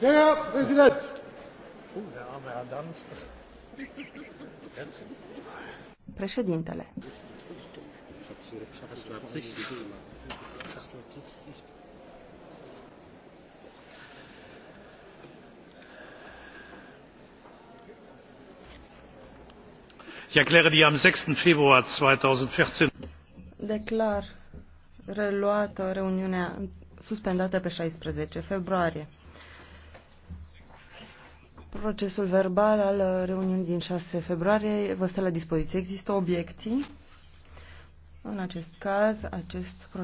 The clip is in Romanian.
Herr Präsident! der arme Herr Danz. Președintele. Ich erkläre die am 6. Februar 2014 Declar reluată reuniunea suspendată pe 16 februarie. Procesul verbal al reuniunii din 6 februarie vă stă la dispoziție. Există obiecții? În acest caz, acest proces